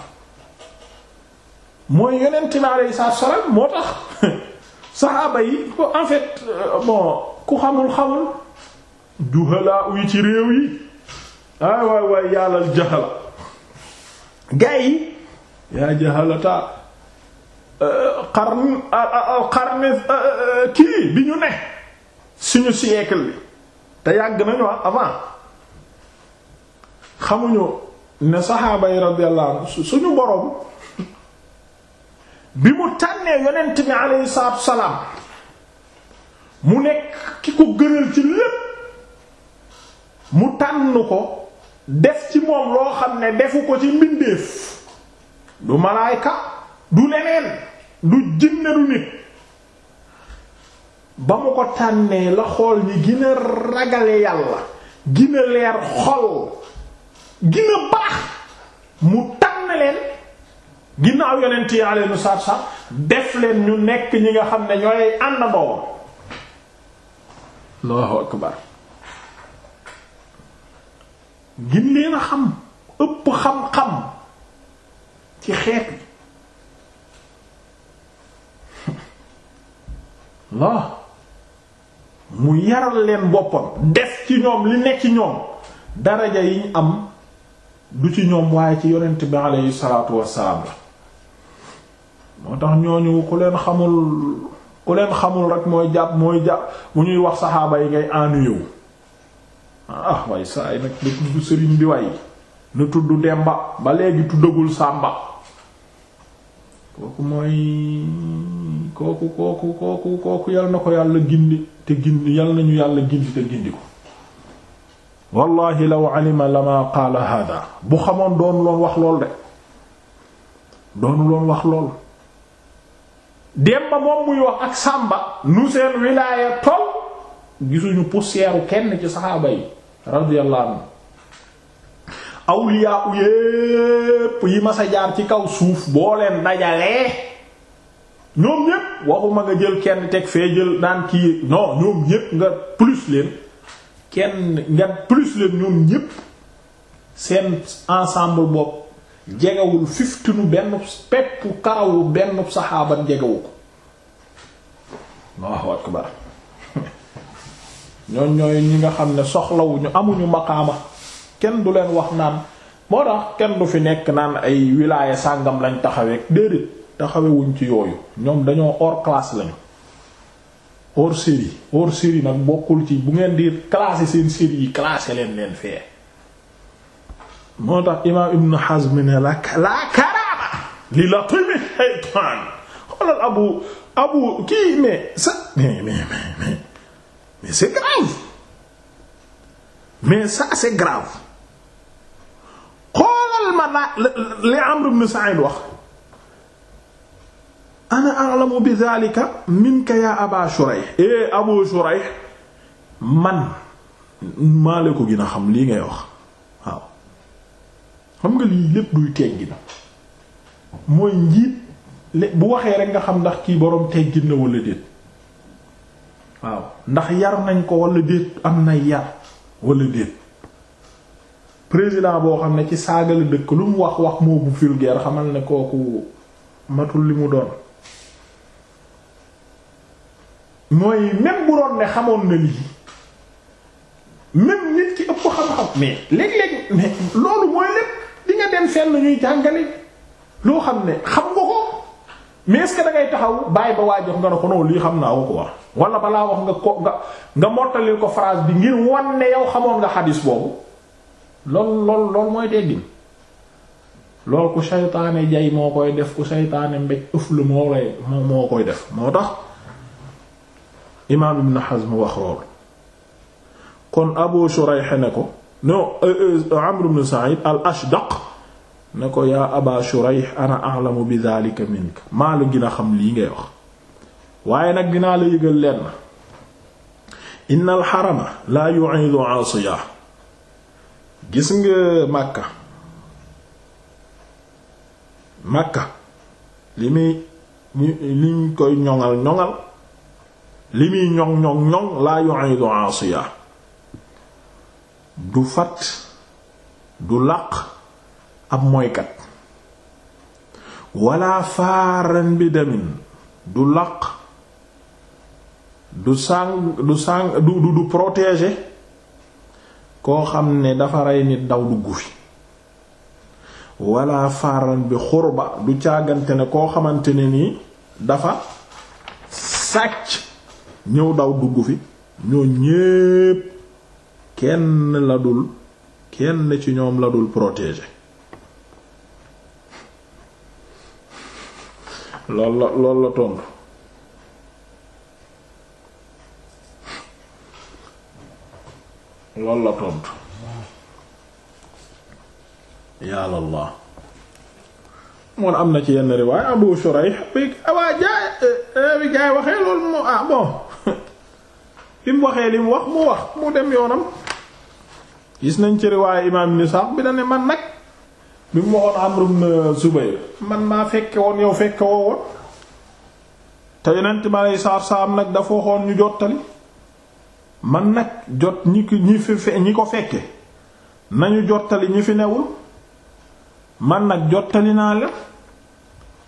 mooy yonent bi alayhi salaatu wa salaam moo tax saxaaba yi en fait euh, bon ku xamul xamul juhalaa yi ci réew yi ay waay waay yàllal jahala gaa yi yaa jahalata qarn euh, qarn euh, euh, kii bi ñu ne suñu siècle bi te yàgg nañu avant xamuñu ne saxaaba yi radiyallahu suñu boroom bi mu tànnee yonent bi alayhi salaatu salaam mu nekk ki ko gënal ci lépp mu tànn ko def ci moom loo xam ne defu ko ci mbindeef du malaayka du leneen du jinne du nit ba mu ko tànnee la xool ñi gën ragale yàlla gën a leer xol gën baax mu tànn leen ginnaaw yonent yi alayhi salaatu salaam def leen ñu nekk ñi nga xam ne ñooy ànd ndowam Allahu gin leen a xam ëpp xam-xam ci xeet yi la mu yaral leen boppam def ci ñoom li nekk ci ñoom daraja yiñ am du ci ñoom waaye ci yonent bi aleyhi salaatu wassalaam la moo tax ñooñu ku leen xamul ku leen xamul rek mooy jàpp mooy jàpp bu ñuy wax saxaaba yi ngay ennuyewu ah waay saay nag na tudd sëriñ bi waay na tudd Demba ba léegi tuddagul Sàmba kooku mooy kooku kooku kooku kooku yal na ko yàlla gindi te gindi yal nañu yàlla gindi te gindi ko wallahi law alima lama qaala hada bu xamoon doonu loon wax lool de doonu loon wax lool Demba moom muy wax ak Sàmba nu seen wilaaya toll gisuñu poussière kenn ci saxaaba yi radiyallahu anhu awliya yépp yi masa ci kaw suuf boo leen dajalee ñoom ñépp waxuma nga jël kenn teg fee jël daan kii non ñoom ñépp nga plus leen kenn nga plus leen ñoom ñépp seen ensemble bopp jegewul fiftinu benn peppu karawu benn saxaaban jegewu ko Allahu akbar ñoon ñooy ñi nga xam ne soxlawuñu amuñu maqaama kenn du leen wax naan moo tax kenn du fi nekk naan ay wilaaya sàngam lañu taxawee déedéet taxawewuñ ci yooyu ñoom dañoo hors classe lañu hors série hors série nag bokkul ci bu ngeen di classer seen série yi classer leen leen fee moo tax imaam Ibn Hazm ne la la karama li latimi shaytaan abu abu kii mais sa mais c'est grave mais ça xoolal ma naa li Amr ibn Sa'id wax ana a'lamu bi dhalika minka ya aba Shurayh eh Abu Shurayh man maa ko gin a xam lii ngay wax waaw xam nga lii lépp duy teggi na mooy njiit bu waxee rek nga xam ndax kii boroom teggi na walla déet waaw ndax yar nañ ko wala déet am na yar walla déet président boo xam ne ci saagale dëkk lu mu wax wax moo bu vulgaire xamal ne kooku matul li mu doon mooy même bu doon ne xamoon na lii même nit ki ëpp xam-xam mais léeg-léeg mais loolu mooy lépp di dem fenn ñuy jàngale loo xam ne xam nga ko mais est-ce taxaw bàyyi ba waajox nga ne ko non lii xam naa ko quoi wala balaa wax nga ko nga mottalil ko phrase bi ngir wan ne yow xamoon nga xadis boobu lool lool lool mooy teggin lool ku saytaane jay moo koy def ku saytaane mbéj ëf moo lay moo koy def moo tax imaam Ibn Hazm wax loolu kon Abu Shurayh ne ko no euh, euh, ne ko yaa Aba Shurayh bi dhalika minka maa la gën a xam lii ngay wax waaye nag dinaa la yëgal leen inna alxarama laa yu'idu asiya gis nga Makka Makka li muy liñ koy ñoŋal ñoŋal li muy ñoŋ ñoŋ ñoŋ laa yu'idu asiya du fat du làq ab moykat wala faaran bi demin du làq du sàng du sàng du du du koo xam ne dafa rey nit daw dugg fi wala faaran bi xurba du càggante ne koo xamante ne nii dafa sàcc ñëw daw dugg fi ñoo ñépp kenn la kenn ci ñoom la dul protéger lool la lool la tontu loolu la tontu yàlla allah moom am na ci yenn riwaay Abu Shurayh bi awaa jaay eh, eh, bi jaay waxee loolu mu ah bon bi waxee li wax mu wax mu dem yoonam gis nañ ci riwaay imaam Nisaa bi da man nag bi mu waxoon Amr ibn Zubayr man maa fekke woon yow fekke woo woon te yonent ma lay saar saam nag dafa waxoon ñu jottali man nag jot ñi ki ñi fi ñi ko fekke nañu jottali ñi fi newul man nag jottali naa la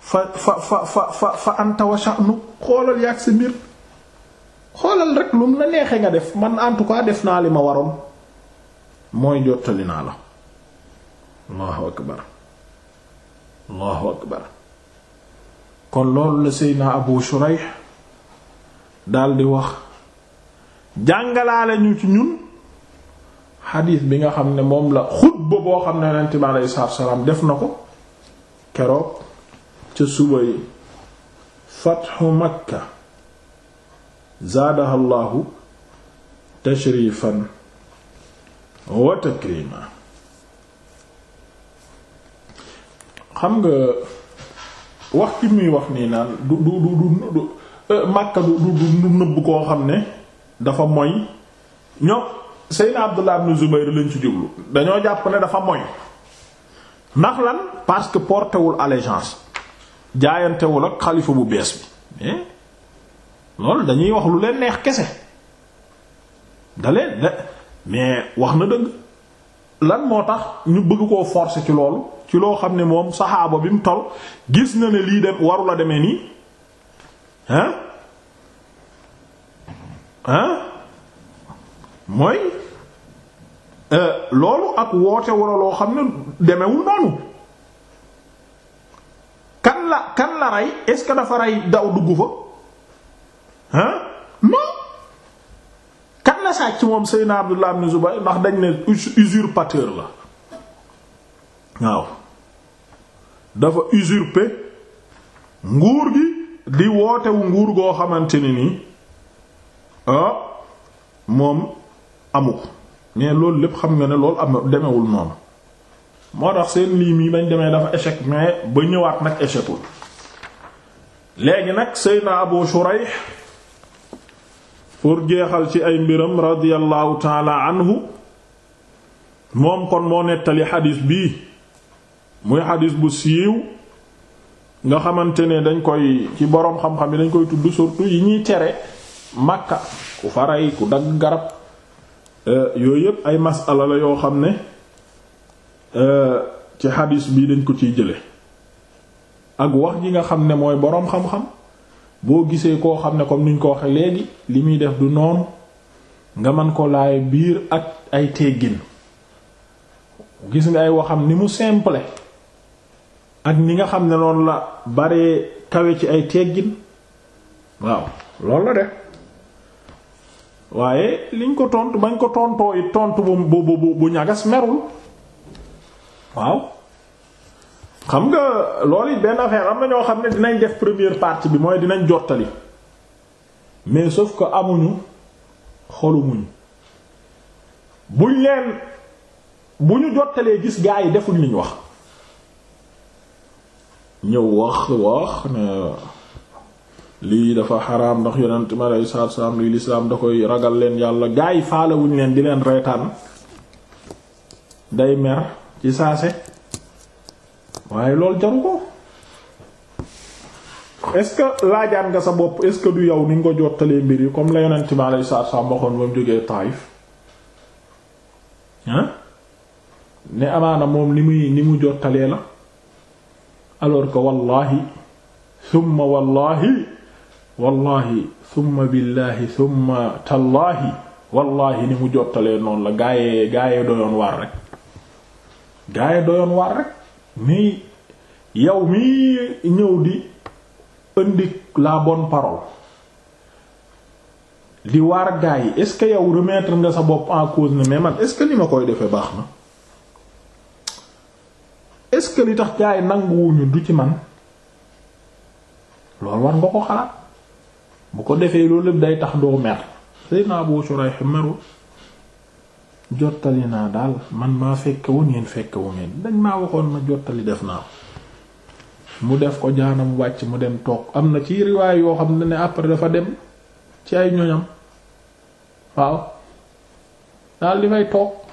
fa fa fa fa fa fa xoolal yàgg si mbir xoolal rek lu mu la neexee nga def man en tout cas def naa li ma waroon mooy jottali naa la allahu akbar kon loolu la Seydina Abu Shuraih daldi wax jàngalaale ñu ci ñun xadiis bi nga xam ne moom la xutba boo xam ne yonent bi salaam def na ko keroog ca suba yi fatxu makka zaadaha llaahu tashrifan wa takrima xam nga wax ci muy wax nii naan du du du du euh, makka du du du nëbb koo xam ne dafa moy ñoom Seydina Abdullah ibn Zubayr lañ ci jublu dañoo jàpp ne dafa moy ndax lan parce que portewul allégeance jaayantewul ak xalifa bu bees bi eh loolu dañuy wax lu leen neex kese da leen de mais wax na dëgg lan moo tax ñu bëgg koo forcer ci loolu ci loo xam ne moom saxaaba bi mu tol gis na ne lii dem waru la demee nii ah mooy euh, loolu ak woote wala loo xam ne demewul noonu kan la kan la rey est-ce que dafa rey daw dugg fa ah non kan la sàcc moom Seydina Abdullah ibn Zubayr ndax dañ ne usurpateur la waaw dafa usurper nguur gi di wootewu nguur goo xamante ni nii Ah, moom amu ko mais loolu lépp xam nga ne loolu am demewul moom moo tax seen lii mii bañ demee dafa échec mais ba ñëwaat nag échecul léegi nag Seydina Abu Shurayh pour jeexal ci ay mbiram radiyallahu taala anhu moom kon moo nettali xadis bii muy xadis bu siiw nga xamante ne dañ koy ci boroom xam-xam yi dañ koy tudd surtout yi ñuy tere makka ku faray ku dagg garab euh, yooyu yépp ay masala la yoo xam ne euh, ci xadiis bii dañ ko ciy jële ak wax ji nga xam ne mooy boroom xam-xam boo gisee koo xam ne comme niñ ko waxe léegi li muy def du noonu nga man ko laay biir ak ay teggin gis nga ay waxam ni mu simple ak ni nga xam ne noonu la bare kawe ci ay teggin waaw loolu la de waaye liñ ko tontu bañ ko tontoo it tontu bu bu bu ñagas merul waaw xam nga loolu it benn affaire am na ñoo xam ne dinañ def première partie bi mooy dinañ jottali mais sauf ko amuñu xolu muñ buñ leen bu ñu jottalee gis gaa yi defuñ liñ wax ñëw wax wax na lii dafa xaraam ndax yonent mi aleyhi salaatu salaam lii lislaam da koy ragal leen yàlla gaa yi faalewuñ leen di leen reetaan day mer ci saase waaye loolu jaru ko est-ce que laajaan nga sa bopp est-ce que du yow ni nga ko jottalee mbir yi comme la yonent mi aleyhi salaatu salaam waxoon ba mu jógee Taayif ah ne amaana moom ni muy ni mu jottalee la alors que wallahi summa wallahi wallahi summa billahi summa tallahi wallahi ni mu jottalee noonu la gaayee gaayee doyoon waar rek gaayee doyoon waar rek nii yow mii ñëw di indi la bon parole di waar gaa yi est-ce que yow remettre nga sa bopp en cause ne mais man est li ma koy defee baax na est-ce que li tax gaa yi nanguwuñu du ci man loolu war nga ko xalaat bu ko defee loolu day tax doo mer Seydina Abu Shurayh meru jottali naa daal man maa fekkewun yéen fekkewu ngeen dañ maa waxoon ma jottali def naa mu def ko jaanam wàcc mu dem toog am na ci riwaay yoo xam ne ne après dafa dem ci ay ñoñam waaw daal di fay toog